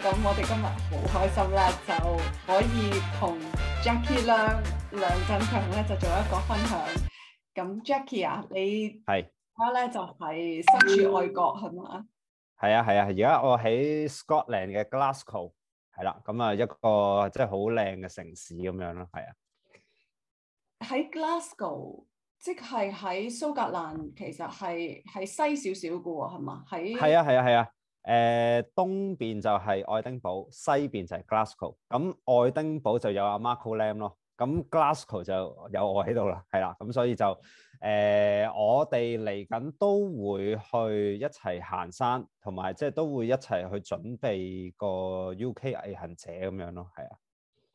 咁我哋今日好開心啦，就可以同 Jackie 梁俊強咧，就做一個分享。咁 Jackie 啊，你係而家咧就係身處外國係嘛？係啊係啊，而家吧我喺 Scotland 嘅 Glasgow 係啦，咁啊一個即係好靚嘅城市咁樣咯，係啊。喺 Glasgow，即係喺蘇格蘭，其實係係西少少噶喎，係嘛？喺係啊係啊係啊。誒東邊就係愛丁堡，西邊就係 Glasgow。咁愛丁堡就有阿、啊、Marco Lamb 咯，咁 Glasgow 就有我喺度啦，係啦。咁所以就誒、呃，我哋嚟緊都會去一齊行山，同埋即係都會一齊去準備個 UK 毅行者咁樣咯，係啊。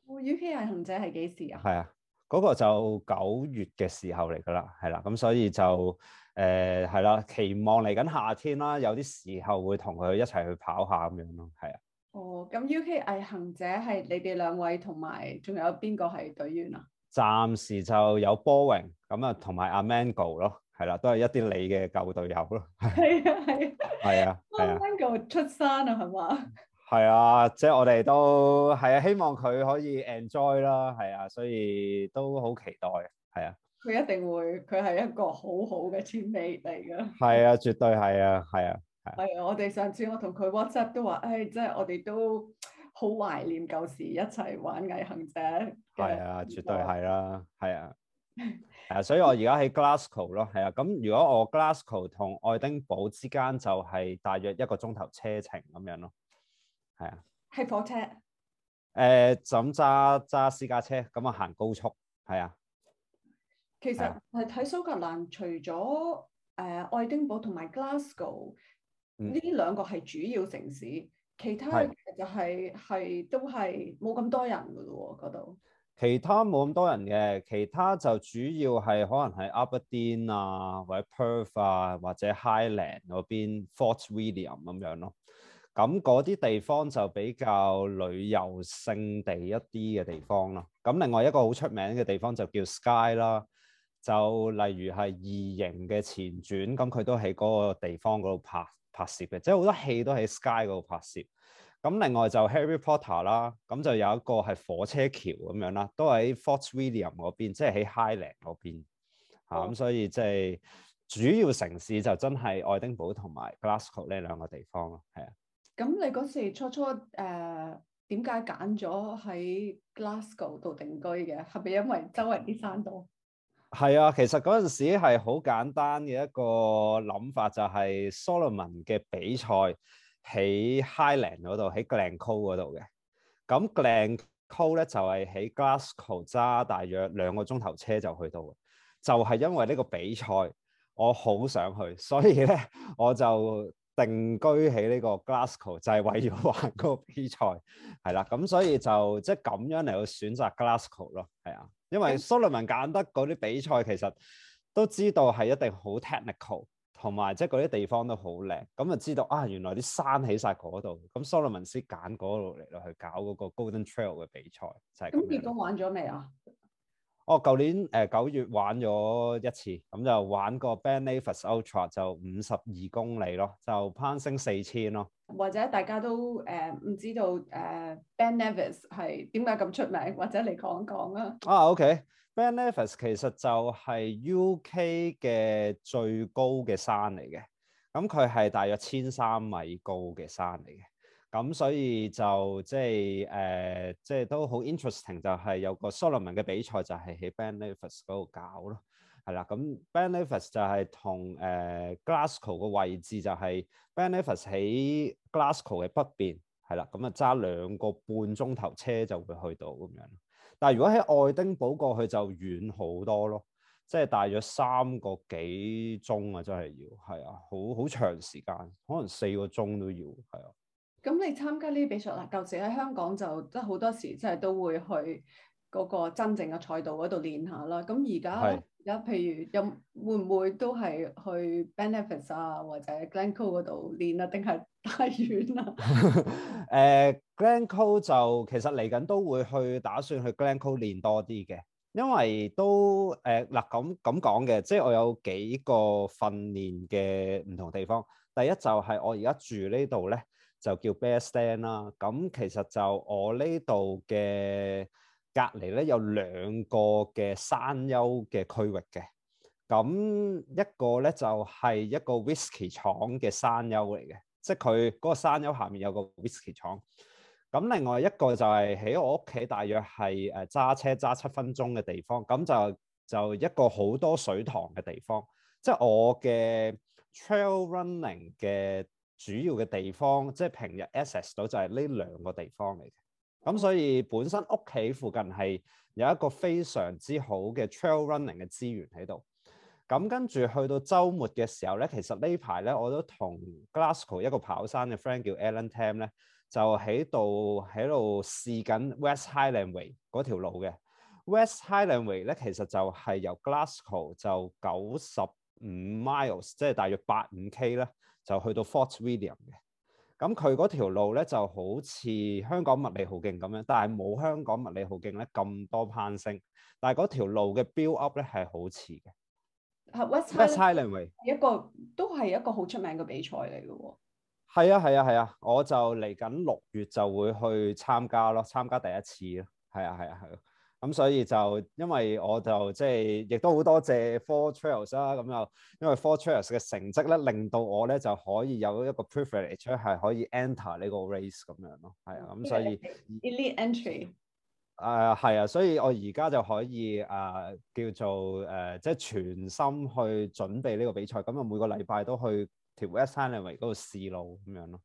我、哦、UK 毅行者係幾時啊？係啊。嗰個就九月嘅時候嚟㗎啦，係啦，咁所以就誒係啦，期望嚟緊夏天啦，有啲時候會同佢一齊去跑下咁樣咯，係啊。哦，咁 U.K. 毅行者係你哋兩位同埋，仲有邊個係隊員啊？暫時就有 Boeing，咁啊，同埋阿 Mango 咯，係啦，都係一啲你嘅舊隊友咯。係啊係啊係啊，阿 Mango 出山啊，係嘛？係啊，即係我哋都係啊，希望佢可以 enjoy 啦，係啊，所以都好期待，係啊。佢一定會，佢係一個好好嘅 teammate 嚟噶。係啊，絕對係啊，係啊。係啊，啊。我哋上次我同佢 WhatsApp 都話，誒，即係我哋都好懷念舊時一齊玩《毅行者》。係啊，絕對係啦，係啊。係啊，所以我而家喺 Glasgow 咯，係啊。咁如果我 Glasgow 同愛丁堡之間就係大約一個鐘頭車程咁樣咯。係啊，係火車。誒、呃，就揸揸私家車，咁啊行高速，係啊。其實係睇蘇格蘭，除咗誒、呃、愛丁堡同埋 Glasgow 呢兩個係主要城市，嗯、其他就係、是、係是都係冇咁多人噶咯、哦，嗰度。其他冇咁多人嘅，其他就主要係可能係 Aberdeen 啊，或者 Perth 啊，或者 Highland 嗰邊 Fort William 咁樣咯。咁嗰啲地方就比較旅遊勝地一啲嘅地方啦。咁另外一個好出名嘅地方就叫 Sky 啦，就例如係《異形》嘅前傳，咁佢都喺嗰個地方嗰度拍拍攝嘅，即係好多戲都喺 Sky 嗰度拍攝。咁另外就《Harry Potter》啦，咁就有一個係火車橋咁樣啦，都喺 Fort William 嗰邊，即係喺 Highland 嗰邊嚇咁、哦啊，所以即係主要城市就真係愛丁堡同埋 Glasgow 呢兩個地方咯，係啊。咁你嗰時初初誒點解揀咗喺 Glasgow 度定居嘅？係咪因為周圍啲山道？係啊，其實嗰陣時係好簡單嘅一個諗法，就係 Salomon 嘅比賽喺 Highland 嗰度，喺 Glen Coe 嗰度嘅。咁 Glen Coe 咧就係喺 Glasgow 揸大約兩個鐘頭車就去到，就係因為呢個比賽我好想去，所以咧我就。定居喺呢個 Glasgow 就係為咗玩個比賽，係啦，咁所以就即係咁樣嚟去選擇 Glasgow 咯，係啊，因為 Salomon 揀得嗰啲比賽其實都知道係一定好 technical，同埋即係嗰啲地方都好靚，咁就知道啊，原來啲山喺晒嗰度，咁 Salomon 先揀嗰度嚟咯去搞嗰個 Golden Trail 嘅比賽就係、是、咁樣。咁結果玩咗未啊？我舊、哦、年誒、呃、九月玩咗一次，咁、嗯、就玩個 Ben Nevis Ultra 就五十二公里咯，就攀升四千咯。或者大家都誒唔、呃、知道誒 Ben Nevis 係點解咁出名，或者你講一講啊？啊 o k、okay. Ben Nevis 其實就係 U K 嘅最高嘅山嚟嘅，咁佢係大約千三米高嘅山嚟嘅。咁所以就即係誒，即係、呃、都好 interesting，就係有個 Salomon 嘅比賽就係喺 Ben Nevis 嗰度搞咯，係啦。咁 Ben Nevis 就係同誒 Glasgow 嘅位置就係 Ben Nevis 喺 Glasgow 嘅北邊，係啦。咁啊揸兩個半鐘頭車就會去到咁樣。但係如果喺愛丁堡過去就遠好多咯，即係大約三個幾鐘啊，真係要係啊，好好長時間，可能四個鐘都要係啊。咁你參加呢啲比賽啊？舊時喺香港就即係好多時即係都會去嗰個真正嘅賽道嗰度練下啦。咁而家而家譬如有會唔會都係去 Benefits 啊或者 Glenco 嗰度練啊？定係太遠啊？誒、 呃、Glenco 就其實嚟緊都會去打算去 Glenco 練多啲嘅，因為都誒嗱咁咁講嘅，即係我有幾個訓練嘅唔同地方。第一就係我而家住在呢度咧。就叫 Best Stand 啦，咁其實就我呢度嘅隔離咧有兩個嘅山丘嘅區域嘅，咁一個咧就係、是、一個威士忌廠嘅山丘嚟嘅，即係佢嗰個山丘下面有個威士忌廠，咁另外一個就係喺我屋企大約係誒揸車揸七分鐘嘅地方，咁就就一個好多水塘嘅地方，即係我嘅 trail running 嘅。主要嘅地方，即係平日 access 到就係呢兩個地方嚟嘅，咁所以本身屋企附近係有一個非常之好嘅 trail running 嘅資源喺度，咁跟住去到周末嘅時候咧，其實呢排咧我都同 Glasgow 一個跑山嘅 friend 叫 Alan Tam 咧，就喺度喺度試緊 West Highland Way 嗰條路嘅。West Highland Way 咧其實就係由 Glasgow 就九十五 miles，即係大約八五 K 啦。就去到 Fort William 嘅，咁佢嗰條路咧就好似香港麥理浩徑咁樣，但係冇香港麥理浩徑咧咁多攀升，但係嗰條路嘅 build up 咧係好似嘅。West Highland Way，係一個都係一個好出名嘅比賽嚟嘅喎。係啊係啊係啊，啊，我就嚟緊六月就會去參加咯，參加第一次咯，係啊係啊係。咁所以就因為我就即係，亦都好多謝 Four Trails 啦。咁又因為 Four Trails 嘅成績咧，令到我咧就可以有一個 privilege 係可以 enter 呢個 race 咁樣咯。係啊，咁所以 elite entry。誒係啊，所以我而家就可以誒叫做誒，即係全心去準備呢個比賽。咁啊，每個禮拜都去條 West Highland 嗰度試路咁樣咯。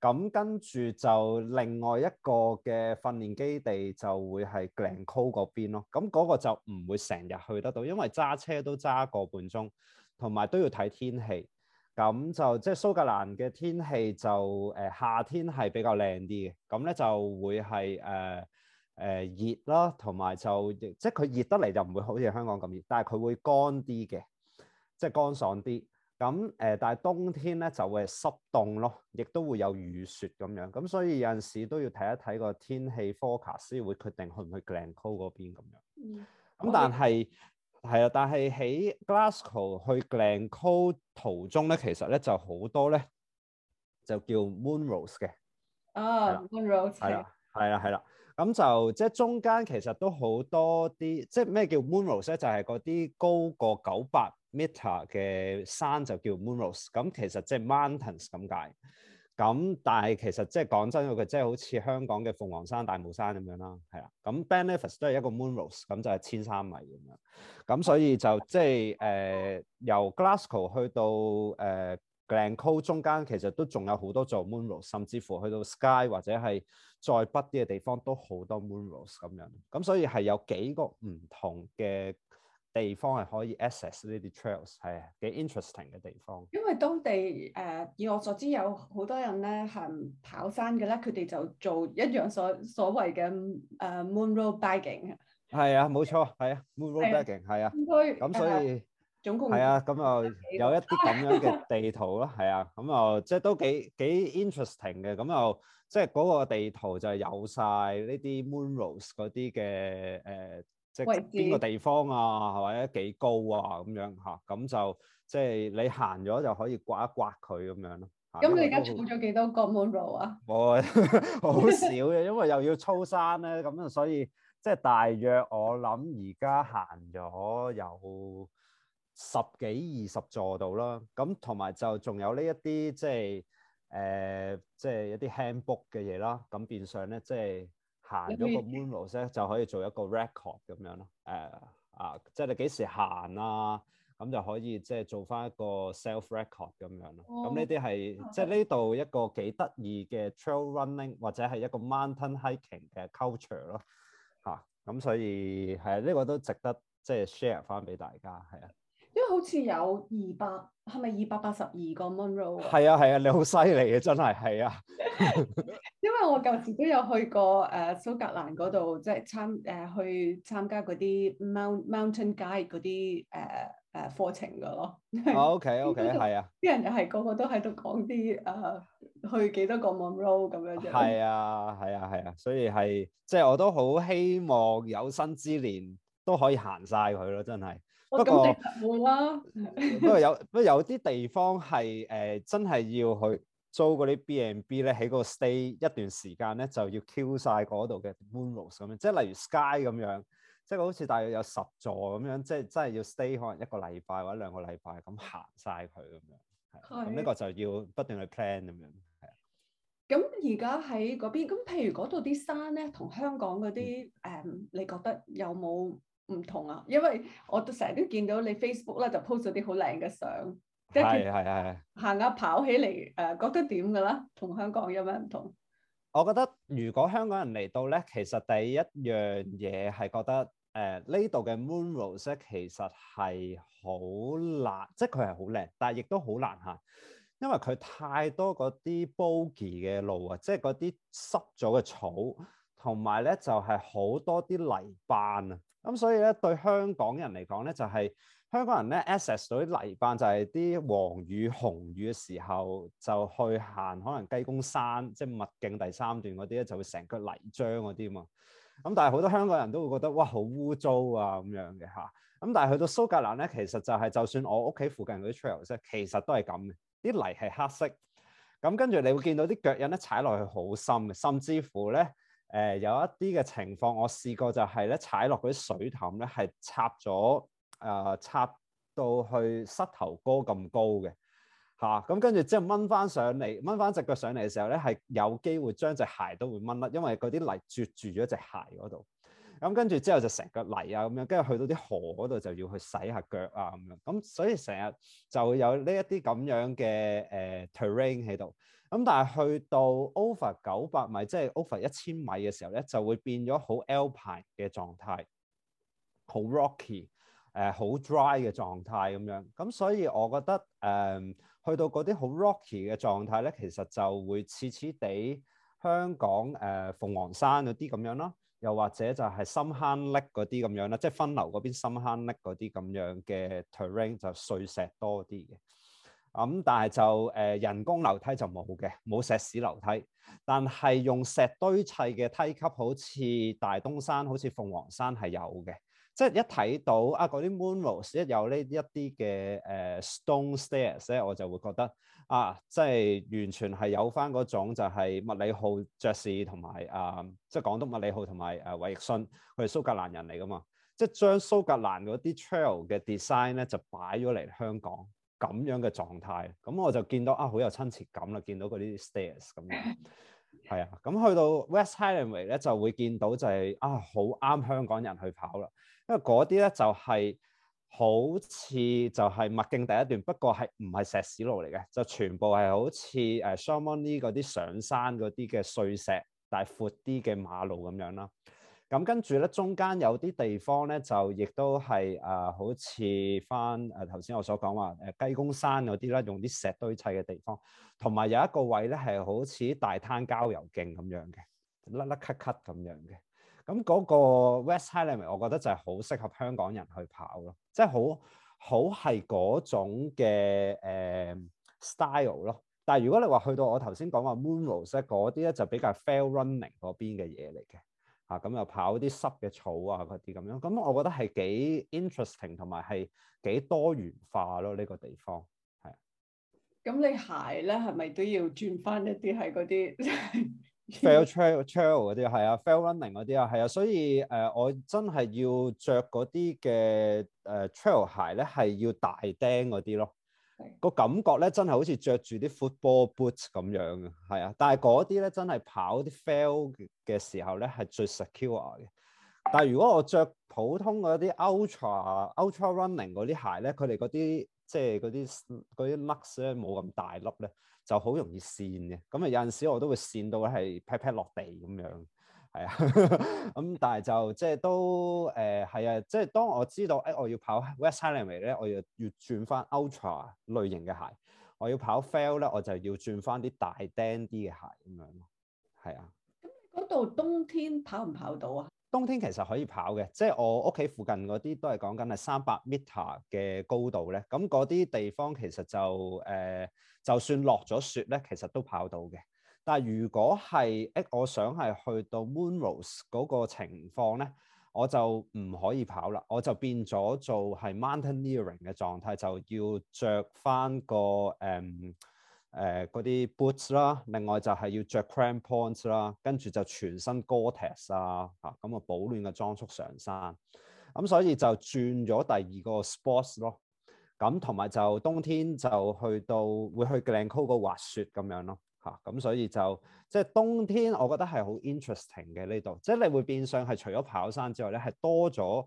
咁跟住就另外一個嘅訓練基地就會係 Glencoe 嗰邊咯，咁嗰個就唔會成日去得到，因為揸車都揸個半鐘，同埋都要睇天氣。咁就即係蘇格蘭嘅天氣就誒、呃、夏天係比較靚啲嘅，咁咧就會係誒誒熱啦，同埋就即係佢熱得嚟就唔會好似香港咁熱，但係佢會乾啲嘅，即係乾爽啲。咁誒、嗯，但係冬天咧就會濕凍咯，亦都會有雨雪咁樣。咁、嗯、所以有陣時都要睇一睇個天氣 forecast 先會決定去唔去 Glencoe 嗰邊咁樣。咁、嗯、但係係、哦、啊，但係喺 Glasgow 去 Glencoe 途中咧，其實咧就好、是、多咧，就叫 Munros 嘅。噢啊，Munros 係啦，係啦，係啦。咁、啊啊、就即係中間其實都好多啲，即係咩叫 Munros 咧？就係嗰啲高過九百。Meta 嘅山就叫 Munros，咁其實即係 mountains 咁解，咁但係其實即係講真嗰個，即係好似香港嘅鳳凰山、大帽山咁樣啦，係啦，咁 Ben Nevis 都係一個 Munros，咁就係千三米咁樣，咁所以就即係誒由 Glasgow 去到誒、呃、Glencoe 中間，其實都仲有好多座 Munros，甚至乎去到 Sky 或者係再北啲嘅地方都好多 Munros 咁樣，咁所以係有幾個唔同嘅。地方係可以 access 呢啲 trails，係幾 interesting 嘅地方。因為當地誒，以我所知有好多人咧係跑山嘅咧，佢哋就做一樣所所謂嘅誒 Munro bagging。係啊，冇錯，係啊，Munro bagging 係啊。咁，所以總共係啊，咁又有一啲咁樣嘅地圖咯，係啊，咁又即係都幾幾 interesting 嘅，咁又即係嗰個地圖就係有晒呢啲 Munros 嗰啲嘅誒。即係邊個地方啊，或者幾高啊？咁樣吓，咁就即係你行咗就可以刮一刮佢咁樣咯。咁你而家儲咗幾多個 Munro 啊？冇，好少嘅，因為又要操山咧，咁啊，所以即係大約我諗而家行咗有十幾二十座度啦。咁同埋就仲有呢一啲即係誒，即係、呃、一啲 handbook 嘅嘢啦。咁變相咧，即係。行咗個 moonwalk 咧就可以做一個 record 咁樣咯，誒、呃、啊，即係你幾時行啊，咁就可以即係做翻一個 self record 咁樣咯。咁呢啲係即係呢度一個幾得意嘅 trail running 或者係一個 mountain hiking 嘅 culture 咯，嚇、啊、咁所以係啊，呢、呢個都值得即係 share 翻俾大家係啊，因為好似有二百。係咪二百八十二個 Monroe 啊？係啊係啊，你好犀利啊！真係係啊，因為我舊時都有去過誒、uh, 蘇格蘭嗰度，即係參誒、uh, 去參加嗰啲 mountain guide 嗰啲誒誒課程噶咯。 oh, OK OK，係 啊。啲人係個個都喺度講啲誒去幾多個 Monroe 咁樣啫。係啊係啊係啊，所以係即係我都好希望有生之年都可以行晒佢咯，真係。不過啦， 不過有不過有啲地方係誒、呃，真係要去租嗰啲 B and B 咧，喺嗰個 stay 一段時間咧，就要 Q 晒嗰度嘅 Munros 咁樣，即係例如 Skye 咁樣，即係好似大約有十座咁樣，即係真係要 stay 可能一個禮拜或者兩個禮拜咁行晒佢咁樣，咁呢是個就要不斷去 plan 咁樣。係啊。咁而家喺嗰邊，咁譬如嗰度啲山咧，同香港嗰啲誒，嗯、你覺得有冇？唔同啊，因為我都成日都見到你 Facebook 咧，就 post 咗啲好靚嘅相。係係係行下跑起嚟誒、呃，覺得點噶啦？同香港有咩唔同？我覺得如果香港人嚟到咧，其實第一樣嘢係覺得誒、呃、呢度嘅 moon road 咧，其實係好難，即係佢係好靚，但係亦都好難行，因為佢太多嗰啲 boggy 嘅路啊，即係嗰啲濕咗嘅草，同埋咧就係、是、好多啲泥斑啊。咁所以咧，對香港人嚟講咧，就係香港人咧 access 到啲泥瓣，就係啲黃雨紅雨嘅時候就去行，可能雞公山即係麥徑第三段嗰啲咧，就會成個泥漿嗰啲嘛。咁但係好多香港人都會覺得哇，好污糟啊咁樣嘅嚇。咁但係去到蘇格蘭咧，其實就係就算我屋企附近嗰啲 trail 咧，其實都係咁嘅，啲泥係黑色。咁跟住你會見到啲腳印咧，踩落去好深嘅，甚至乎咧～誒、呃、有一啲嘅情況，我試過就係咧踩落嗰啲水凼，咧，係插咗誒插到去膝頭哥咁高嘅嚇。咁、啊嗯、跟住之後掹翻上嚟，掹翻隻腳上嚟嘅時候咧，係有機會將隻鞋都會掹甩，因為嗰啲泥啜住咗隻鞋嗰度。咁、嗯、跟住之後就成腳泥啊咁樣，跟、嗯、住去到啲河嗰度就要去洗下腳啊咁樣。咁、嗯嗯、所以成日就會有呢一啲咁樣嘅誒 terrain 喺度。呃咁但係去到 over 九百米，即、就、係、是、over 一千米嘅時候咧，就會變咗好 L 排嘅狀態，好 rocky，誒、呃、好 dry 嘅狀態咁樣。咁所以我覺得誒、呃、去到嗰啲好 rocky 嘅狀態咧，其實就會似似地香港誒、呃、鳳凰山嗰啲咁樣咯，又或者就係深坑嶺嗰啲咁樣啦，即係分流嗰邊深坑嶺嗰啲咁樣嘅 terrain 就碎石多啲嘅。咁、嗯、但係就誒、呃、人工樓梯就冇嘅，冇石屎樓梯，但係用石堆砌嘅梯級，好似大東山、好似鳳凰山係有嘅。即係一睇到啊嗰啲 monolith 一有呢一啲嘅誒 stone stairs 咧，我就會覺得啊，即係完全係有翻嗰種就係麥理浩爵士同埋啊，即係港督麥理浩同埋誒衛奕信，佢哋蘇格蘭人嚟噶嘛，即係將蘇格蘭嗰啲 trail 嘅 design 咧就擺咗嚟香港。咁樣嘅狀態，咁我就見到啊，好有親切感啦，見到嗰啲 stairs 咁樣，係啊， 咁、嗯、去到 West Highland Way 咧就會見到就係、是、啊，好啱香港人去跑啦，因為嗰啲咧就係、是、好似就係墨徑第一段，不過係唔係石屎路嚟嘅，就全部係好似誒 Chamonix 嗰啲上山嗰啲嘅碎石，但係闊啲嘅馬路咁樣啦。咁跟住咧，中間有啲地方咧，就亦都係、呃、啊，好似翻誒頭先我所講話誒雞公山嗰啲啦，用啲石堆砌嘅地方，同埋有一個位咧係好似大灘郊遊徑咁樣嘅，甩甩咳咳咁樣嘅。咁、那、嗰個 West Highland 我覺得就係好適合香港人去跑咯，即係好好係嗰種嘅誒、呃、style 咯。但係如果你話去到我頭先講話 Moonrise 嗰啲咧，就比較 fell running 嗰邊嘅嘢嚟嘅。啊咁、嗯、又跑啲濕嘅草啊，嗰啲咁樣，咁、嗯、我覺得係幾 interesting 同埋係幾多元化咯呢、這個地方係。咁、啊、你鞋咧係咪都要轉翻一啲係嗰啲 trail trail 嗰啲係啊 trail running 嗰啲啊係啊，所以誒、呃、我真係要着嗰啲嘅誒、呃、trail 鞋咧係要大釘嗰啲咯。個感覺咧，真係好似着住啲 football boots 咁樣嘅，係啊。但係嗰啲咧，真係跑啲 fell 嘅時候咧，係最 secure 嘅。但係如果我着普通嗰啲 ultra ultra running 嗰啲鞋咧，佢哋嗰啲即係嗰啲啲 lugs 咧冇咁大粒咧，就好容易跣嘅。咁啊，有陣時我都會跣到係 pat pat 落地咁樣。係啊，咁、 嗯、但係就即係都誒係、呃、啊，即係當我知道誒、哎、我要跑 West Highland 咧，我又要，要轉翻 Ultra 類型嘅鞋。我要跑 Fail 咧，我就要轉翻啲大釘啲嘅鞋咁樣。係啊，咁嗰度冬天跑唔跑到啊？冬天其實可以跑嘅，即係我屋企附近嗰啲都係講緊係三百 meter 嘅高度咧。咁嗰啲地方其實就誒、呃，就算落咗雪咧，其實都跑到嘅。但係如果係誒，我想係去到 Munros 嗰個情況咧，我就唔可以跑啦，我就變咗做係 mountaineering 嘅狀態，就要着翻個誒誒嗰啲 boots 啦，另外就係要着 crampons 啦，跟住就全身 Gore-Tex 啊嚇，咁、這、啊、個、保暖嘅裝束上山，咁、啊、所以就轉咗第二個 sports 咯，咁同埋就冬天就去到會去 Glencoe 個滑雪咁樣咯。啊吓，咁所以就即係冬天，我覺得係好 interesting 嘅呢度，即係你會變相係除咗跑山之外咧，係多咗。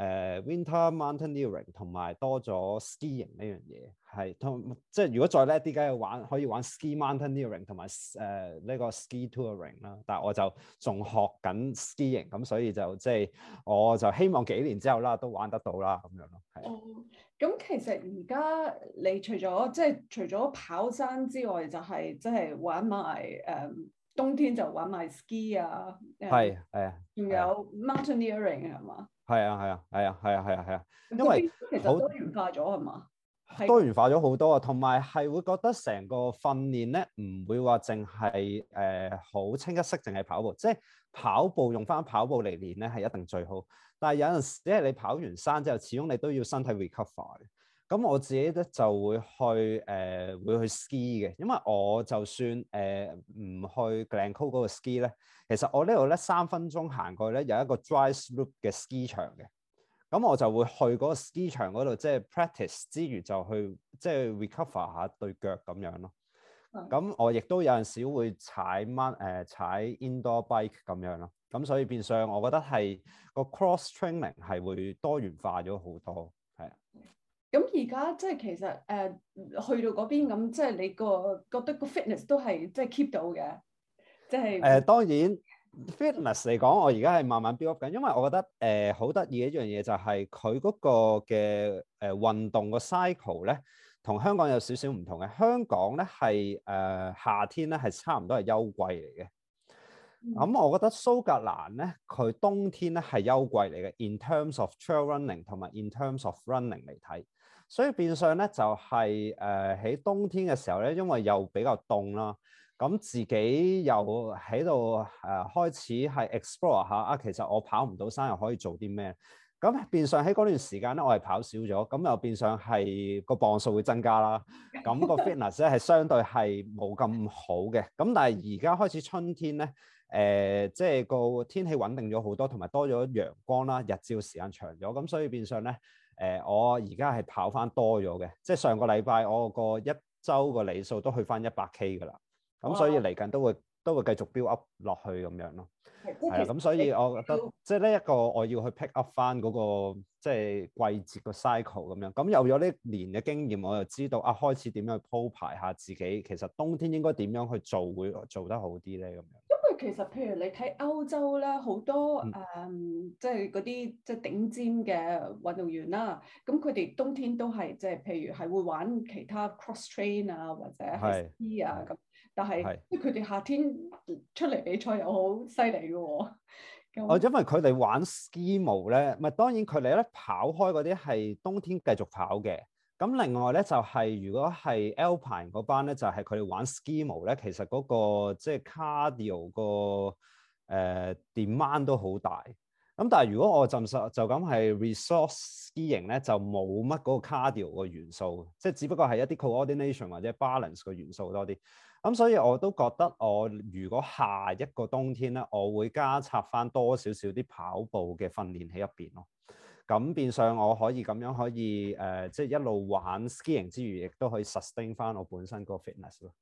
誒、uh, winter mountaineering 同埋多咗 skiing 呢樣嘢，係同即係如果再叻啲，梗係玩可以玩 ski mountaineering 同埋誒呢、呃這個 ski touring 啦。但係我就仲學緊 skiing 咁所以就即係、就是、我就希望幾年之後啦，都玩得到啦咁樣咯。哦、啊，咁、oh, 其實而家你除咗即係除咗跑山之外、就是，就係即係玩埋誒。Um, 冬天就玩埋 ski 啊，係係啊，仲有 mountaineering 係嘛？係啊係啊係啊係啊係啊，吧啊。啊啊啊啊因為，因為其實好多元化咗係嘛？很吧多元化咗好多啊，同埋係會覺得成個訓練咧唔會話淨係誒好清一色，淨係跑步，即係跑步用翻跑步嚟練咧係一定最好。但係有陣時，即係你跑完山之後，始終你都要身體 recover 嘅。咁我自己咧就會去誒、呃、會去 ski 嘅，因為我就算誒唔、呃、去 Glencoe 嗰個 ski 咧，其實我呢度咧三分鐘行過去咧有一個 dry slope 嘅 ski 場嘅，咁我就會去嗰個 ski 場嗰度即係 practice 之餘就去即係 recover 下對腳咁樣咯。咁、啊、我亦都有陣時會踩踭誒、呃、踩 indoor bike 咁樣咯。咁所以變相我覺得係個 cross training 係會多元化咗好多，係啊。咁而家即係其實誒、呃、去到嗰邊咁，即係你個覺得個 fitness 都係即係 keep 到嘅，即係誒、呃、當然 fitness 嚟講，我而家係慢慢 build up 緊，因為我覺得誒好得意一樣嘢就係呃、係佢嗰個嘅誒運動個 cycle 咧，同香港有少少唔同嘅。香港咧係誒夏天咧係差唔多係休季嚟嘅，咁、嗯、我覺得蘇格蘭咧，佢冬天咧係休季嚟嘅。In terms of trail running 同埋 in terms of running 嚟睇。所以變相咧就係誒喺冬天嘅時候咧，因為又比較凍啦，咁自己又喺度誒開始係 explore 下啊，其實我跑唔到山又可以做啲咩？咁變相喺嗰段時間咧，我係跑少咗，咁又變相係個磅數會增加啦，咁個 fitness 咧係相對係冇咁好嘅。咁但係而家開始春天咧，誒即係個天氣穩定咗好多，同埋多咗陽光啦，日照時間長咗，咁所以變相咧。誒、呃，我而家係跑翻多咗嘅，即係上個禮拜我個一周個里數都去翻一百 K 嘅哇啦，咁所以嚟緊都會都會繼續 build up 落去咁樣咯，係咁所以我覺得要即係呢一個我要去 pick up 翻嗰、那個即係季節個 cycle 咁樣。咁有咗呢年嘅經驗，我又知道啊開始點樣去鋪排下自己，其實冬天應該點樣去做會做得好啲咧咁樣。其實，譬如你睇歐洲啦，好多誒，即係嗰啲即係頂尖嘅運動員啦。咁佢哋冬天都係即係，譬如係會玩其他 cross train 啊，或者係、啊、ski 啊咁是。但係即係佢哋夏天出嚟比賽又好犀利嘅喎。哦，因為佢哋玩 ski mo 咧，咪當然佢哋咧跑開嗰啲係冬天繼續跑嘅。咁另外咧就係、是，如果係 Alpine 嗰班咧，就係佢哋玩 ski 模咧，其實嗰、那個即係、就是、cardio 個誒、呃、demand 都好大。咁但係如果我就就咁係 resource Skilling 咧，就冇乜嗰個 cardio 嘅元素，即係只不過係一啲 coordination 或者 balance 嘅元素多啲。咁所以我都覺得我如果下一個冬天咧，我會加插翻多少少啲跑步嘅訓練喺入邊咯。咁變相我可以咁樣可以誒、呃，即係一路玩 skiing 之餘，亦都可以 sustain 翻我本身嗰個 fitness 咯。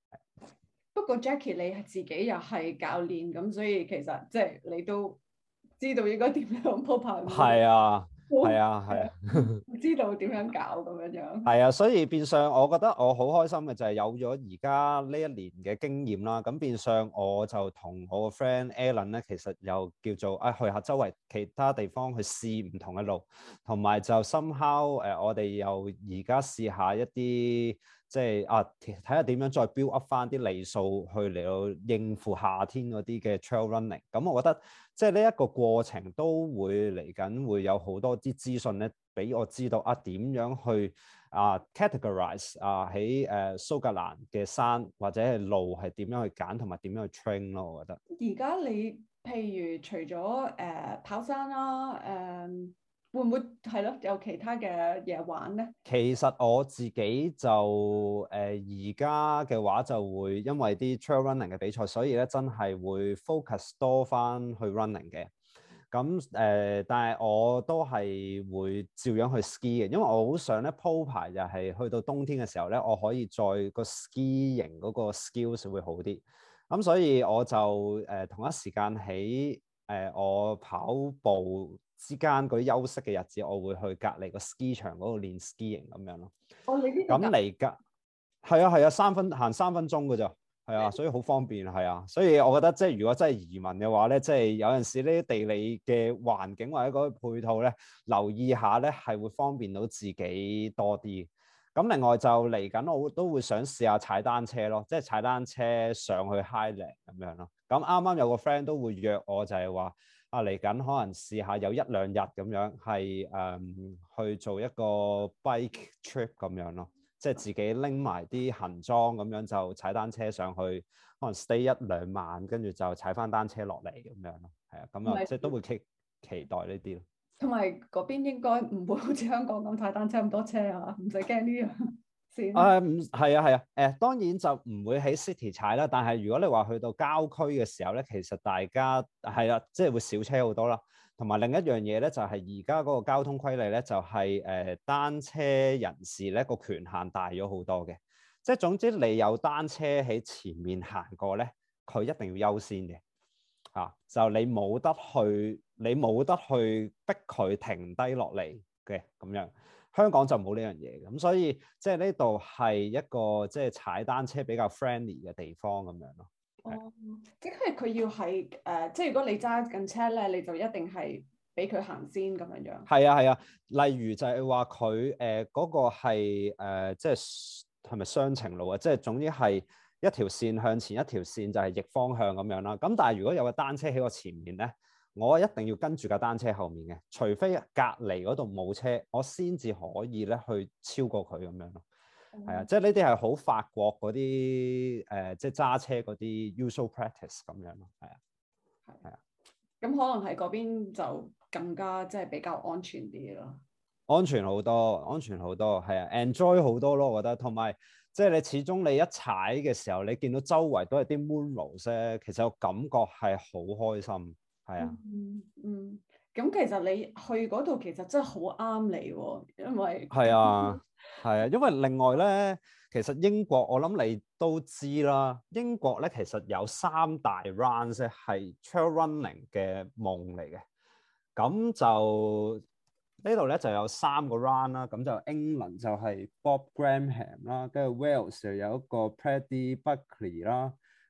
不過 Jacky，你係自己又係教練，咁所以其實即係你都知道應該點樣鋪排。係啊。係啊係啊，唔知道點樣搞咁樣樣。係 啊，所以變相我覺得我好開心嘅就係有咗而家呢一年嘅經驗啦。咁變相我就同我個 friend Alan 咧，其實又叫做啊去下周圍其他地方去試唔同嘅路，同埋就 somehow 誒，我哋又而家試下一啲。即係啊，睇下點樣再 build up 翻啲里數去嚟到應付夏天嗰啲嘅 trail running。咁、嗯、我覺得即係呢一個過程都會嚟緊會有好多啲資訊咧，俾我知道啊點樣去啊 categorize 啊喺誒、呃、蘇格蘭嘅山或者係路係點樣去揀同埋點樣去 train 咯。我覺得而家你譬如除咗誒、呃、跑山啦、啊，嗯、呃。會唔會係咯？有其他嘅嘢玩咧？其實我自己就誒而家嘅話就會因為啲 trail running 嘅比賽，所以咧真係會 focus 多翻去 running 嘅。咁誒、呃，但係我都係會照樣去 ski 嘅，因為我好想咧鋪排就係去到冬天嘅時候咧，我可以再、嗰個 skiing 嗰個 skills 會好啲。咁所以我就誒、呃、同一時間喺誒我跑步。之間嗰啲休息嘅日子，我會去隔籬個 ski 場嗰度練 skiing，咁樣咯。咁嚟隔，係啊，係啊，三分行三分鐘嘅咋，係啊，所以好方便係啊。所以我覺得即係如果真係移民嘅話咧，即係有陣時呢啲地理嘅環境或者嗰配套咧，留意下咧係會方便到自己多啲。咁另外就嚟緊，我都會想試下踩單車咯，即係踩單車上去 highland 咁樣咯。咁啱啱有個 friend 都會約我，就係話。啊嚟緊可能試下有一兩日咁樣係誒、嗯、去做一個 bike trip 咁樣咯，啊，即係自己拎埋啲行裝咁樣就踩單車上去，可能 stay 一兩晚，跟住就踩翻單車落嚟咁樣咯，係啊，咁啊是即係都會期期待呢啲咯。同埋嗰邊應該唔會好似香港咁踩單車咁多車啊，唔使驚呢樣。誒唔係啊，係啊，誒、啊啊、當然就唔會喺 city 踩啦，但係如果你話去到郊區嘅時候咧，其實大家係啊，即、就、係、是、會少車好多啦。同埋另一樣嘢咧，就係而家嗰個交通規例咧，就係、是、誒、呃、單車人士咧，個權限大咗好多嘅。即係總之你有單車喺前面行過咧，佢一定要優先嘅嚇、啊。就你冇得去，你冇得去逼佢停低落嚟嘅咁樣。香港就冇呢樣嘢嘅，咁所以即係呢度係一個即係踩單車比較 friendly 嘅地方咁樣咯。哦，即係佢要係誒、呃，即係如果你揸緊車咧，你就一定係俾佢行先咁樣樣。係啊係啊，例如就係話佢誒嗰個係、呃、即係係咪雙程路啊？即係總之係一條線向前，一條線就係逆方向咁樣啦。咁但係如果有個單車喺我前面咧。我一定要跟住架單車後面嘅，除非隔離嗰度冇車，我先至可以咧去超過佢咁樣咯。係啊、嗯，即係呢啲係好法國嗰啲誒，即係揸車嗰啲 usual practice 咁樣咯。係啊，係啊，咁、嗯、的可能喺嗰邊就更加即係、就是、比較安全啲咯。安全好多，安全好多，係啊，enjoy 好多咯。我覺得同埋即係你始終你一踩嘅時候，你見到周圍都係啲 Munros，o 其實個感覺係好開心。係啊，嗯，嗯，咁、嗯嗯、其實你去嗰度其實真係好啱你喎、啊，因為係啊，係啊，因為另外咧，其實英國我諗你都知啦，英國咧其實有三大 round 咧係 trail running 嘅夢嚟嘅，咁就呢度咧就有三個 round 啦，咁就英倫就係 Bob Graham 啦，跟住 Wales 就有一個 Paddy Buckley 啦。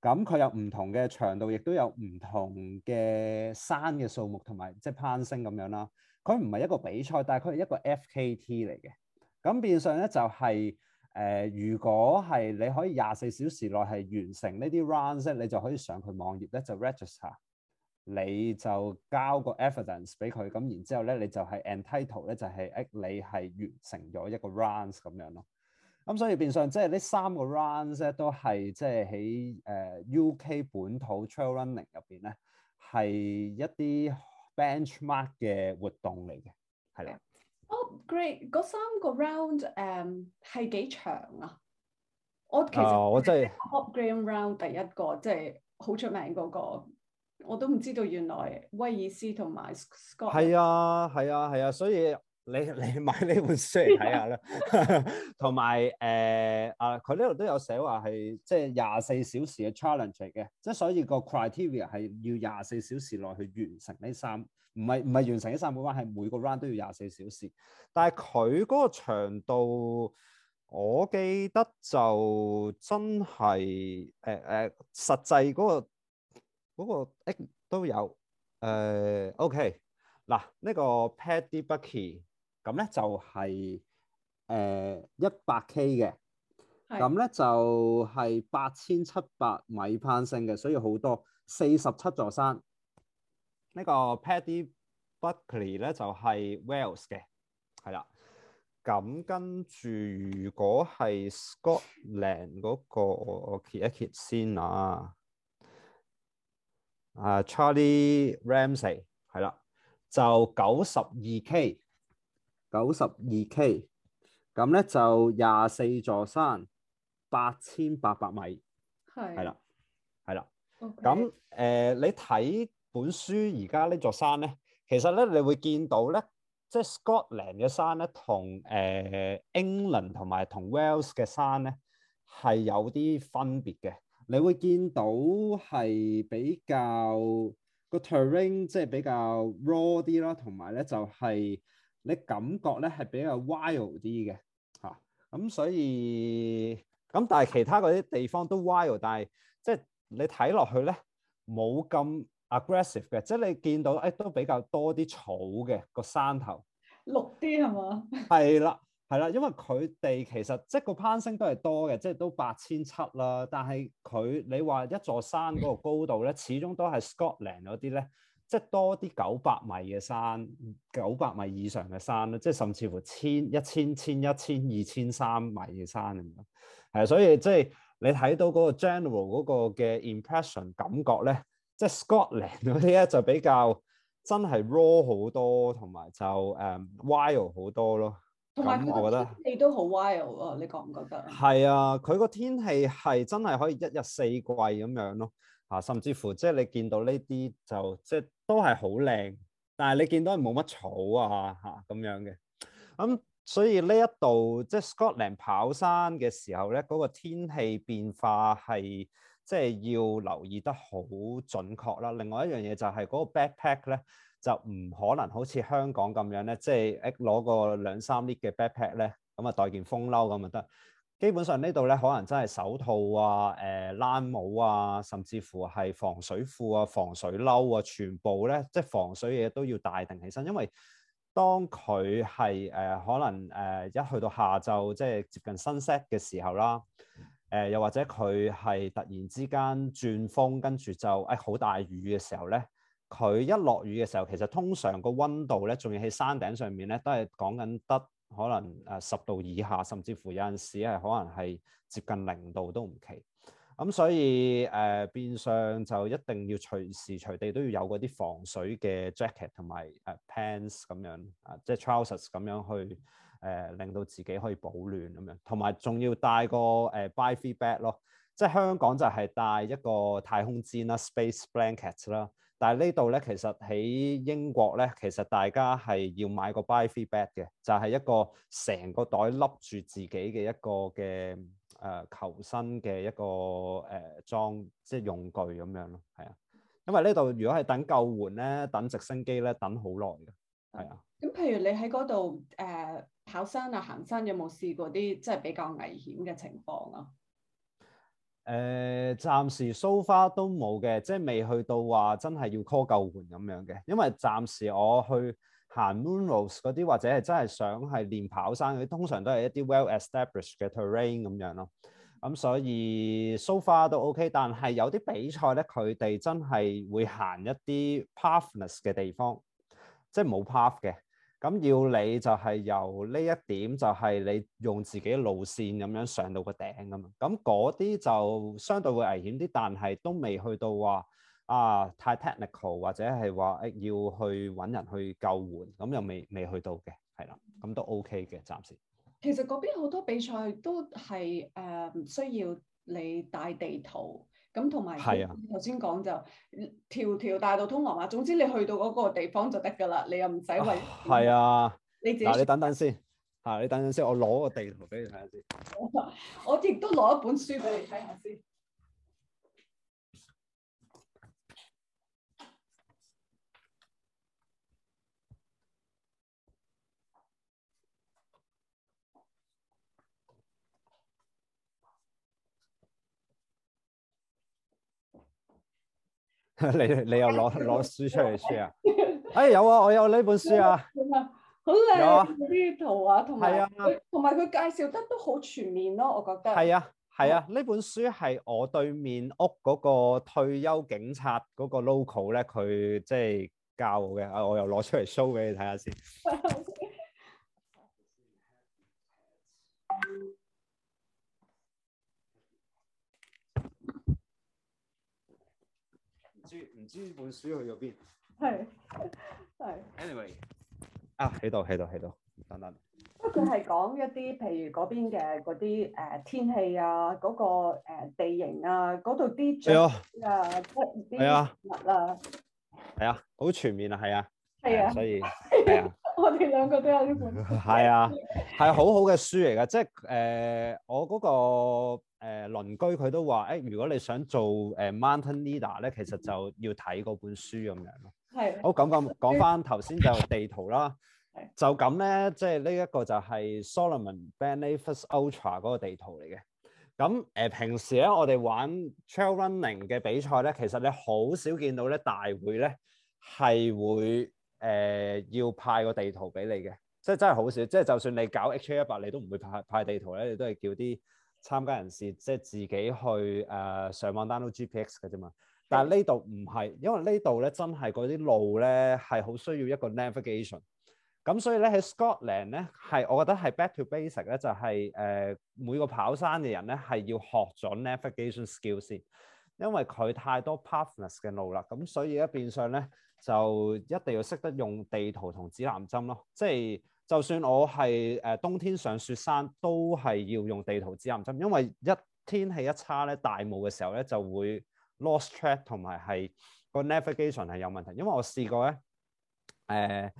咁佢有唔同嘅長度，亦都有唔同嘅山嘅數目同埋即係攀升咁樣啦。佢唔係一個比賽，但係佢係一個 FKT 嚟嘅。咁變相咧就係、是、誒、呃，如果係你可以廿四小時內係完成呢啲 runs 咧，你就可以上佢網頁咧就 register，re, 你就交個 evidence 俾佢，咁然之後咧你就係 entitle 咧就係誒你係完成咗一個 runs 咁樣咯。咁、嗯、所以變相即係呢三個 round 咧，都係即係喺誒 UK 本土 trail running 入邊咧，係一啲 benchmark 嘅活動嚟嘅，係啦。Upgrade、oh, 嗰三個 round 誒係幾長啊？我其實 Bob Graham round、呃、第一個即係好出名嗰、那個，我都唔知道原來威爾斯同埋 Scotland 係啊係啊係啊，所以。你你買呢本書嚟睇下啦，同埋誒啊，佢呢度都有寫話係即係廿四小時嘅 challenge 嚟嘅，即係所以個 criteria 係要廿四小時內去完成呢三，唔係唔係完成呢三個 round，係每個 round 都要廿四小時。但係佢嗰個長度，我記得就真係誒誒，實際嗰個嗰個誒都有誒 OK 嗱，呢個 Paddy Buckley 咁咧就係誒一百 K 嘅，咁咧的就係八千七百米攀升嘅，所以好多四十七座山。個呢個 Paddy Buckley 咧就係、是、Wales、well、嘅，係啦。咁跟住如果係 Scotland 嗰、那個，我揭一揭先啊。啊、uh，Charlie Ramsay 係啦，就九十二 K。九十二 K，咁咧就廿四座山，八千八百米，係是，係啦，係啦。咁誒 Okay.、呃，你睇本書而家呢座山咧，其實咧你會見到咧，即係 Scotland 嘅山咧，同誒 England 同埋同 Wales 嘅山咧係有啲分別嘅。你會見到係、呃、比較個 terrain 即係比較 raw 啲啦，同埋咧就係、是。你感覺咧係比較 wild 啲嘅吓，咁、啊、所以咁但係其他嗰啲地方都 wild，但係即係你睇落去咧冇咁 aggressive 嘅，即係、就是、你見到誒、哎、都比較多啲草嘅、那個山頭，綠啲係嘛？係啦係啦，因為佢哋其實即係、就是、個攀升都係多嘅，即、就、係、是、都八千七啦。但係佢你話一座山嗰個高度咧，始終都係 Scotland 嗰啲咧。即係多啲九百米嘅山，九百米以上嘅山咧，即係甚至乎千一千千一千二千三米嘅山咁樣。係，所以即係你睇到嗰個, general 個,、那個那個 general 嗰個嘅 impression 感覺咧，即係 Scotland 啲咧就比較真係 raw 好多，同埋就誒 wild 好多咯。同埋我覺得你都好 wild 咯，你覺唔覺得？係啊，佢個天氣係真係可以一日四季咁樣咯。啊，甚至乎即係你見到呢啲就即係都係好靚，但係你見到係冇乜草啊嚇咁、啊、樣嘅，咁、嗯、所以呢一度即係 Scotland 跑山嘅時候咧，嗰、那個天氣變化係即係要留意得好準確啦。另外一樣嘢就係、是、嗰、那個 backpack 咧，就唔可能好似香港咁樣咧，即係攞個兩三 lift 嘅 backpack 咧，咁啊帶件風褸咁就得。基本上呢度咧，可能真係手套啊、誒、呃、冷帽啊，甚至乎係防水褲啊、防水褸啊，全部咧即係防水嘢都要帶定起身。因為當佢係誒可能誒、呃、一去到下晝，即係接近 sunset 嘅時候啦，誒、呃、又或者佢係突然之間轉風，跟住就誒好、哎、大雨嘅時候咧，佢一落雨嘅時候，其實通常個溫度咧，仲要喺山頂上面咧，都係講緊得。可能誒、呃、十度以下，甚至乎有陣時係可能係接近零度都唔奇。咁、嗯、所以誒、呃、變相就一定要隨時隨地都要有嗰啲防水嘅 jacket 同埋誒 pants 咁樣，啊、即係 trousers 咁樣去誒、呃、令到自己可以保暖咁樣，同埋仲要帶個誒 bivy bag 咯，即係香港就係帶一個太空氈啦，space blankets 啦。但係呢度咧，其實喺英國咧，其實大家係要買個 bivvy bag 嘅，就係、是、一個成個袋笠住自己嘅一個嘅誒、呃、求生嘅一個誒裝、呃，即係用具咁樣咯，係啊。因為呢度如果係等救援咧，等直升機咧，等好耐嘅，係啊。咁譬如你喺嗰度誒跑山啊、行山，有冇試過啲即係比較危險嘅情況啊？誒，暫、呃、時蘇、so、花都冇嘅，即係未去到話真係要 call 救援咁樣嘅。因為暫時我去行 m o o n r o s 嗰啲，或者係真係想係練跑山，啲，通常都係一啲 well established 嘅 terrain 咁樣咯。咁所以 s o 蘇花都 OK，但係有啲比賽咧，佢哋真係會行一啲 pathless 嘅地方，即係冇 path 嘅。咁要你就係由呢一點，就係你用自己路線咁樣上到個頂吖嘛。咁嗰啲就相對會危險啲，但係都未去到話啊太 technical 或者係話誒要去揾人去救援，咁又未未去到嘅，係啦，咁都 OK 嘅，暫時。其實嗰邊好多比賽都係唔、呃、需要你帶地圖。咁同埋，頭先講就條條大道通羅馬，總之你去到嗰個地方就得㗎喇，你又唔使為。係啊，啊，啊。你自己等等先，嚇、啊！你等等先，我攞個地圖俾你睇下先。 我亦都攞一本書俾你睇下先。 你你又攞攞書出嚟書啊？哎有啊，我有呢本書啊，好靚 亮，啲圖畫同埋，同埋佢介紹得都好全面咯，我覺得。係啊係啊，呢、啊嗯、本書係我對面屋嗰個退休警察嗰個 local 咧，佢即係教我嘅。啊我又攞出嚟 show 俾你睇下先。 唔知本書去咗邊？係係。Anyway，啊喺度喺度喺度，等等。不過佢係講一啲譬如嗰邊嘅嗰啲誒天氣啊，嗰個誒地形啊，嗰度啲植物啊，係啊，好全面啊，係啊。係啊，所以係啊， 我哋兩個都有呢本書。係啊，係好好嘅書嚟噶，即係誒，我嗰、那個誒鄰、呃、居佢都話，誒，如果你想做誒 Mountain Leader 咧，其實就要睇嗰本書咁樣咯。係、啊，好講講講翻頭先就地圖啦。啊、就咁咧，即係呢一個就係 Salomon Ben Nevis Ultra 嗰個地圖嚟嘅。咁誒、呃，平時咧我哋玩 trail running 嘅比賽咧，其實你好少見到咧大會咧係會。誒、呃、要派個地圖俾你嘅，即係真係好少，即係就算你搞 H 一一百，你都唔會派派地圖咧，你都係叫啲參加人士即係自己去誒、呃、上網 download GPS 嘅啫嘛。但係呢度唔係，因為呢度咧真係嗰啲路咧係好需要一個 navigation。咁所以咧喺 Scotland 咧係，我覺得係 back to basic 咧就係、是、誒、呃、每個跑山嘅人咧係要學咗 navigation skills 先，因為佢太多 partners 嘅路啦。咁所以咧變相咧。就一定要識得用地圖同指南針咯，即係就算我係誒、呃、冬天上雪山，都係要用地圖指南針，因為一天氣一差咧，大霧嘅時候咧就會 lost track 同埋係個 navigation 係有問題，因為我試過咧誒、呃，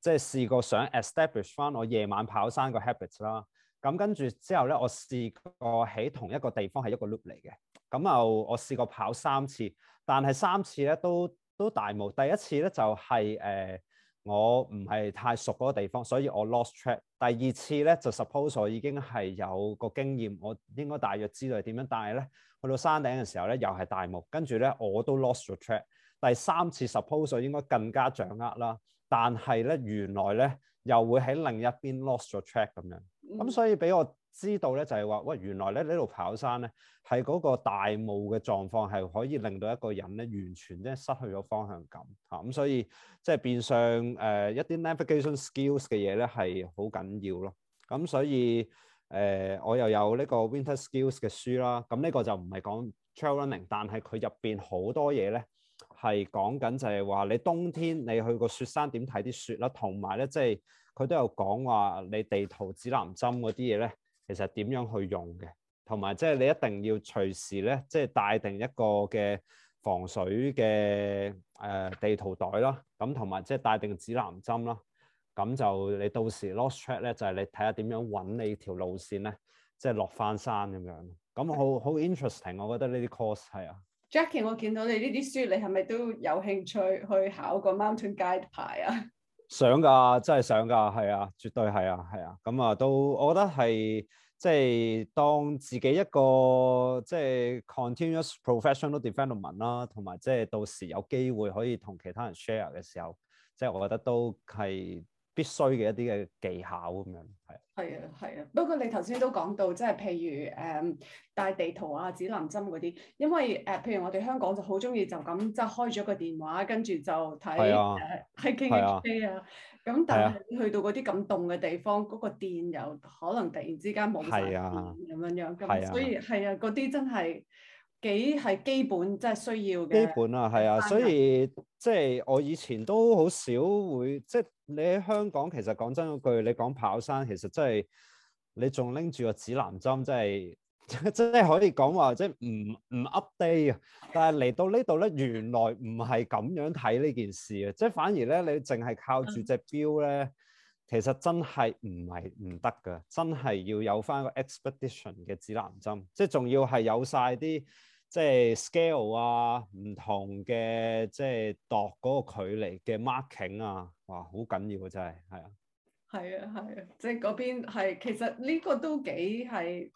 即係試過想 establish 返我夜晚跑山個 habit 啦，咁、嗯、跟住之後咧，我試過喺同一個地方係一個 loop 嚟嘅，咁、嗯、又我試過跑三次，但係三次咧都。都大霧，第一次咧就係、是、誒、呃、我唔係太熟嗰個地方，所以我 lost track。第二次咧就 suppose 我已經係有個經驗，我應該大約知道係點樣，但係咧去到山頂嘅時候咧又係大霧，跟住咧我都 lost 咗 track。第三次 suppose 我應該更加掌握啦，但係咧原來咧又會喺另一邊 lost 咗 track 咁樣，咁、嗯、所以俾我。知道咧就係話，喂，原來咧呢度跑山咧係嗰個大霧嘅狀況係可以令到一個人咧完全咧失去咗方向感嚇咁、嗯，所以即係變相誒、呃、一啲 navigation skills 嘅嘢咧係好緊要咯。咁、嗯、所以誒、呃、我又有呢個 winter skills 嘅書啦。咁、嗯、呢、呢個就唔係講 trail running，但係佢入邊好多嘢咧係講緊就係話你冬天你去個雪山點睇啲雪啦，同埋咧即係佢都有講話你地圖指南針嗰啲嘢咧。其實點樣去用嘅，同埋即係你一定要隨時咧，即係帶定一個嘅防水嘅誒地圖袋啦，咁同埋即係帶定指南針啦，咁就你到時 lost track 咧，就係你睇下點樣揾你條路線咧，即係落翻山咁樣，咁好好 interesting，我覺得呢啲 course 係啊，Jackie，我見到你呢啲書，你係咪都有興趣去考個 Mountain Guide 牌啊？想噶，真係想噶，係啊，絕對係啊，係啊，咁、嗯、啊，都我覺得係即係當自己一個即係 Continuous Professional Development 啦，同埋即係到時有機會可以同其他人 share 嘅時候，即係我覺得都係。必須嘅一啲嘅技巧，咁樣，係，係啊，係啊，不過你頭先都講到，即係譬如誒帶、嗯、地圖啊、指南針嗰啲，因為誒、呃、譬如我哋香港就好鍾意就咁即係開咗個電話，跟住就睇睇 K N A A 咁，的啊啊、但係去到嗰啲咁凍嘅地方，嗰的個電又可能突然之間冇曬電咁樣樣，咁的的所以係啊，嗰啲真係幾係基本，即、就、係、是、需要嘅基本啊係啊，的所以即係我以前都好少會即係。你喺香港其，其實講真句，你講跑山其實真係你仲拎住個指南針，真係真係可以講話，即係唔唔 update 啊！但係嚟到呢度咧，原來唔係咁樣睇呢件事啊！即係反而咧，你淨係靠住隻表咧，其實真係唔係唔得㗎，真係要有返個 expedition 嘅指南針，即係仲要係有晒啲即係 scale 啊，唔同嘅即係度嗰個距離嘅 marking 啊。哇，好緊要嘅真係，係啊，係啊，係啊，即係嗰邊係，其實呢個都幾係，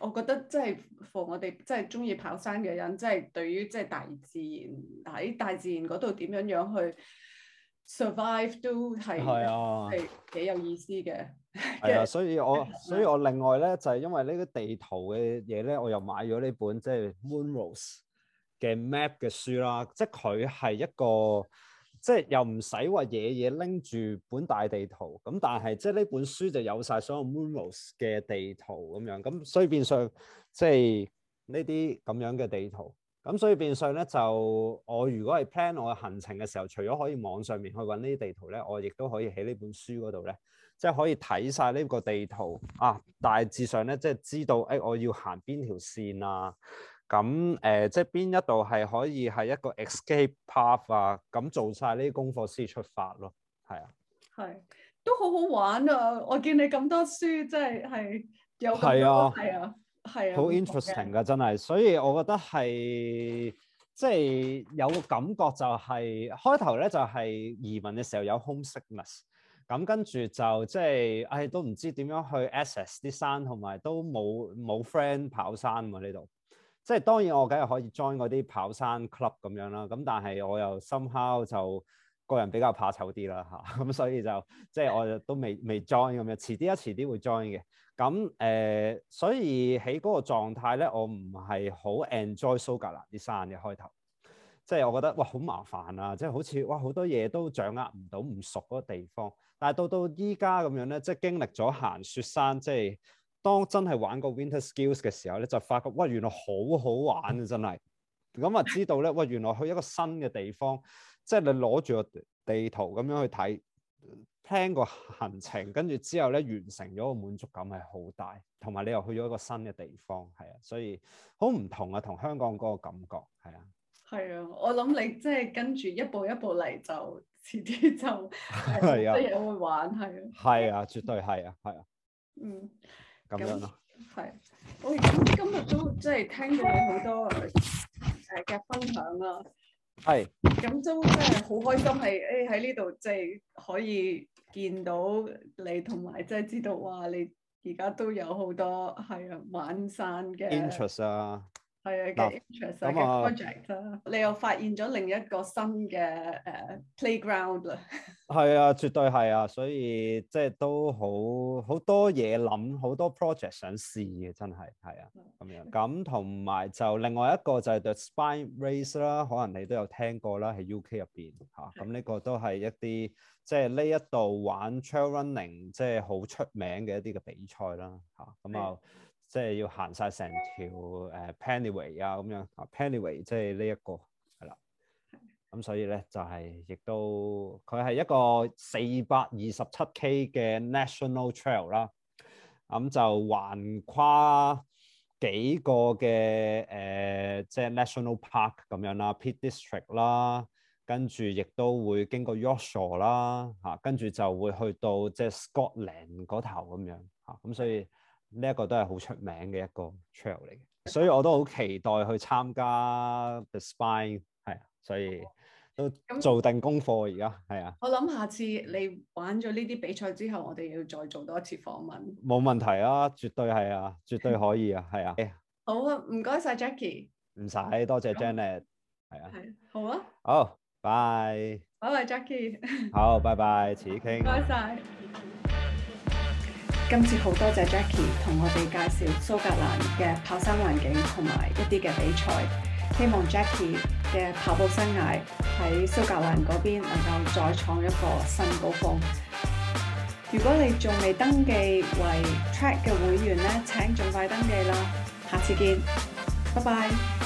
我覺得真係，for 我哋即係中意跑山嘅人，即係對於即係大自然喺大自然嗰度點樣樣去 survive 都係係啊，係幾有意思嘅。係啊, 啊，所以我所以我另外咧就係、是、因為呢個地圖嘅嘢咧，我又買咗呢本即係、就是、Moonrose 嘅 map 嘅書啦，即係佢係一個。即係又唔使話嘢嘢拎住本大地圖，咁但係即係呢本書就有晒所有 Munros 嘅地圖咁樣，咁所以變相即係呢啲咁樣嘅地圖，咁所以變相咧就我如果係 plan 我嘅行程嘅時候，除咗可以網上面去揾呢啲地圖咧，我亦都可以喺呢本書嗰度咧，即係可以睇晒呢個地圖啊，大致上咧即係知道誒、哎、我要行邊條線啊。咁誒、呃，即係邊一度係可以係一個 escape path 啊？咁做晒呢啲功課先出發咯，係啊，係都好好玩啊！我見你咁多書，真係係有好多係啊，係啊，好 interesting 㗎，真係。所以我覺得係即係有個感覺、就係，就係開頭咧就係移民嘅時候有 home sickness，咁跟住就即、就、係、係，唉、哎，都唔知點樣去 access 啲山，同埋都冇冇 friend 跑山嘛呢度。即係當然，我梗係可以 join 嗰啲跑山 club 咁樣啦。咁但係我又 somehow 就個人比較怕醜啲啦嚇，咁、啊、所以就即係我都未未 join 咁樣，遲啲啊遲啲會 join 嘅。咁誒、呃，所以喺嗰個狀態咧，我唔係好 enjoy 蘇格蘭啲山嘅開頭。即係我覺得哇，好麻煩啊！即係好似哇，好多嘢都掌握唔到，唔熟嗰個地方。但係到到依家咁樣咧，即係經歷咗行雪山，即係。當真係玩個 Winter Skills 嘅時候咧，就發覺哇，原來好好玩啊！真係咁啊，就知道咧哇，原來去一個新嘅地方，即係你攞住個地圖咁樣去睇，聽個行程，跟住之後咧完成咗個滿足感係好大，同埋你又去咗一個新嘅地方，係啊，所以好唔同啊，同香港嗰個感覺係啊。係啊，我諗你即係跟住一步一步嚟，就遲啲就好多嘢會玩，係啊。係啊，絕對係啊，係啊。嗯。咁那樣我而今日都即係聽到你好多誒嘅分享咯。係是。咁都即係好開心，係誒喺呢度即係可以見到你，同埋即係知道哇！你而家都有好多係啊，晚山嘅。Interest 啊！係啊，嘅 project 啦，你又發現咗另一個新嘅誒 playground 啦。係、uh, 啊，絕對係啊，所以即係都好好多嘢諗，好多 project 想試嘅，真係係啊，咁樣咁同埋就另外一個就係 The Spine Race 啦，可能你都有聽過啦，喺 UK 入邊嚇，咁、啊、呢的個都係一啲即係呢一度玩 trail running 即係好出名嘅一啲嘅比賽啦嚇，咁啊。即係要行晒成條誒、呃、Pennine Way 啊，咁樣啊 Pennine Way 即係、這個、呢、就是、一個係啦、啊。咁所以咧就係亦都佢係一個四百二十七 K 嘅 National Trail 啦。咁就橫跨幾個嘅誒，即、呃、係、就是、National Park 咁樣啦 Peak District 啦，跟住亦都會經過 Yorkshire 啦、啊，嚇跟住就會去到即係 Scotland 嗰頭咁樣嚇。咁、就是啊、所以呢一個都係好出名嘅一個 trail 嚟嘅，所以我都好期待去參加 The Spine，係，所以都做定功課而家，係啊。我諗下次你玩咗呢啲比賽之後，我哋要再做多一次訪問。冇問題啊，絕對係啊，絕對可以啊，係 啊。好啊，唔該晒 Jacky。唔使，多謝 Janet。係啊。好啊。好。Bye 拜拜，Jacky。好，拜拜，遲傾。唔該曬。 今次好多謝 Jacky 同我哋介紹蘇格蘭嘅跑山環境同埋一啲嘅比賽，希望 Jacky 嘅跑步生涯喺蘇格蘭嗰邊能夠再創一個新高峰。如果你仲未登記為 Track 嘅會員咧，請盡快登記啦。下次見，拜拜。